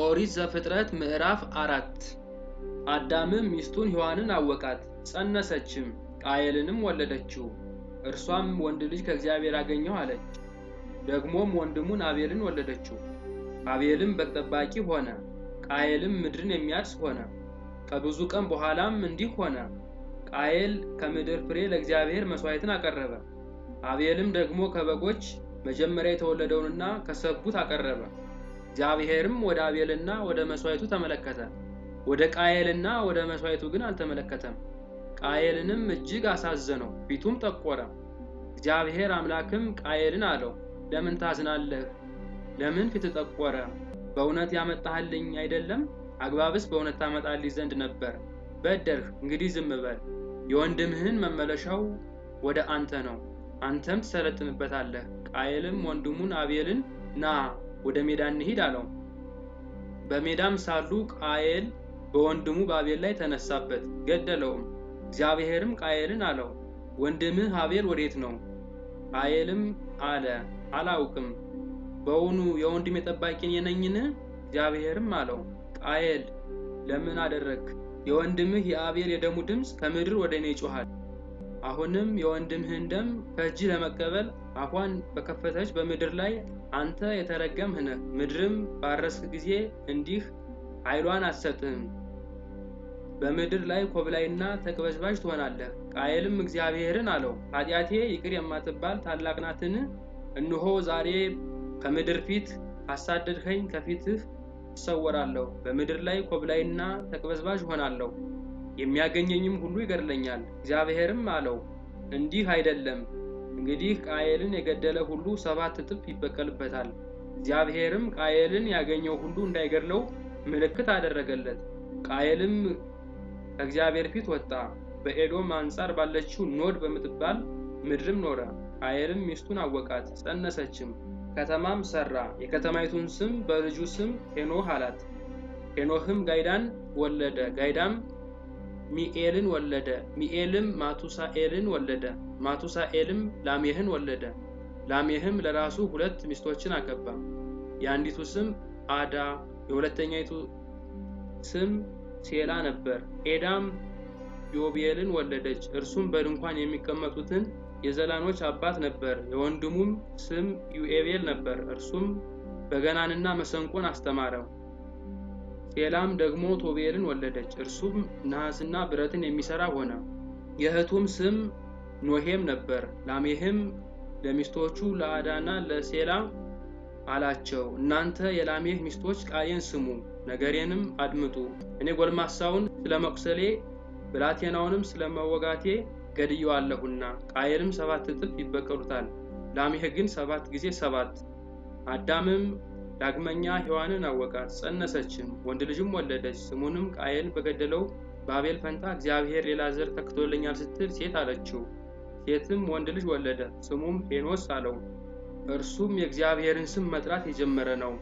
ኦሪት ዘፍጥረት ምዕራፍ አራት አዳምም ሚስቱን ሔዋንን አወቃት፣ ጸነሰችም፣ ቃየልንም ወለደችው። እርሷም ወንድ ልጅ ከእግዚአብሔር አገኘሁ አለች። ደግሞም ወንድሙን አቤልን ወለደችው። አቤልም በግ ጠባቂ ሆነ፣ ቃየልም ምድርን የሚያርስ ሆነ። ከብዙ ቀን በኋላም እንዲህ ሆነ፣ ቃየል ከምድር ፍሬ ለእግዚአብሔር መሥዋዕትን አቀረበ። አቤልም ደግሞ ከበጎች መጀመሪያ የተወለደውንና ከሰቡት አቀረበ። እግዚአብሔርም ወደ አቤልና ወደ መስዋዕቱ ተመለከተ፣ ወደ ቃየልና ወደ መስዋዕቱ ግን አልተመለከተም። ቃየልንም እጅግ አሳዘነው፣ ፊቱም ጠቆረ። እግዚአብሔር አምላክም ቃየልን አለው፣ ለምን ታዝናለህ? ለምን ፊት ጠቆረ? በእውነት ያመጣህልኝ አይደለም? አግባብስ በእውነት ታመጣልኝ ዘንድ ነበር። በደርህ እንግዲህ ዝም በል። የወንድምህን መመለሻው ወደ አንተ ነው፣ አንተም ትሰለጥንበታለህ። ቃየልም ወንድሙን አቤልን ና ወደ ሜዳ እንሂድ አለው። በሜዳም ሳሉ ቃየል በወንድሙ በአቤል ላይ ተነሳበት፣ ገደለውም። እግዚአብሔርም ቃየልን አለው፣ ወንድምህ አቤል ወዴት ነው? ቃየልም አለ፣ አላውቅም። በውኑ የወንድም የጠባቂን የነኝን እግዚአብሔርም አለው፣ ቃየል ለምን አደረግ የወንድምህ የአቤል የደሙ ድምፅ ከምድር ወደ እኔ ይጮሃል። አሁንም የወንድምህን ደም ከእጅ ለመቀበል አፏን በከፈተች በምድር ላይ አንተ የተረገምህ ነህ፣ ምድርም ባረስክ ጊዜ እንዲህ ኃይሏን አትሰጥህም። በምድር ላይ ኮብላይና ተቅበዝባዥ ትሆናለህ። ቃየልም እግዚአብሔርን አለው፣ ኃጢአቴ ይቅር የማትባል ታላቅ ናትን? ዛሬ ከምድር ፊት ካሳደድኸኝ ከፊትህ እሰወራለሁ፣ በምድር ላይ ኮብላይና ተቅበዝባዥ እሆናለሁ። የሚያገኘኝም ሁሉ ይገድለኛል። እግዚአብሔርም አለው እንዲህ አይደለም፣ እንግዲህ ቃየልን የገደለ ሁሉ ሰባት እጥፍ ይበቀልበታል። እግዚአብሔርም ቃየልን ያገኘው ሁሉ እንዳይገድለው ምልክት አደረገለት። ቃየልም ከእግዚአብሔር ፊት ወጣ፣ በኤዶም አንጻር ባለችው ኖድ በምትባል ምድርም ኖረ። ቃየልም ሚስቱን አወቃት፣ ጸነሰችም፣ ከተማም ሰራ። የከተማይቱን ስም በልጁ ስም ሄኖህ አላት። ሄኖህም ጋይዳን ወለደ። ጋይዳም ሚኤልን ወለደ። ሚኤልም ማቱሳኤልን ወለደ። ማቱሳኤልም ላሜህን ወለደ። ላሜህም ለራሱ ሁለት ሚስቶችን አገባ። የአንዲቱ ስም አዳ፣ የሁለተኛይቱ ስም ሴላ ነበር። ኤዳም ዮቤልን ወለደች። እርሱም በድንኳን የሚቀመጡትን የዘላኖች አባት ነበር። የወንድሙም ስም ዩኤቤል ነበር። እርሱም በገናንና መሰንቆን አስተማረው። ጤላም ደግሞ ቶቤልን ወለደች። እርሱም ነሐስና ብረትን የሚሰራ ሆነ። የእህቱም ስም ኖሄም ነበር። ላሜህም ለሚስቶቹ ለአዳና ለሴላ አላቸው፣ እናንተ የላሜህ ሚስቶች ቃሌን ስሙ፣ ነገሬንም አድምጡ። እኔ ጎልማሳውን ስለ መቁሰሌ ብላቴናውንም ስለ መወጋቴ ገድየዋለሁና፣ ቃየልም ሰባት እጥፍ ይበቀሉታል፣ ላሜህ ግን ሰባት ጊዜ ሰባት። አዳምም ዳግመኛ ሔዋንን አወቃት፣ ጸነሰችም፣ ወንድ ልጅም ወለደች። ስሙንም ቃየል በገደለው በአቤል ፈንታ እግዚአብሔር ሌላ ዘር ተክቶልኛል ስትል ሴት አለችው። ሴትም ወንድ ልጅ ወለደ፣ ስሙም ሄኖስ አለው። እርሱም የእግዚአብሔርን ስም መጥራት የጀመረ ነው።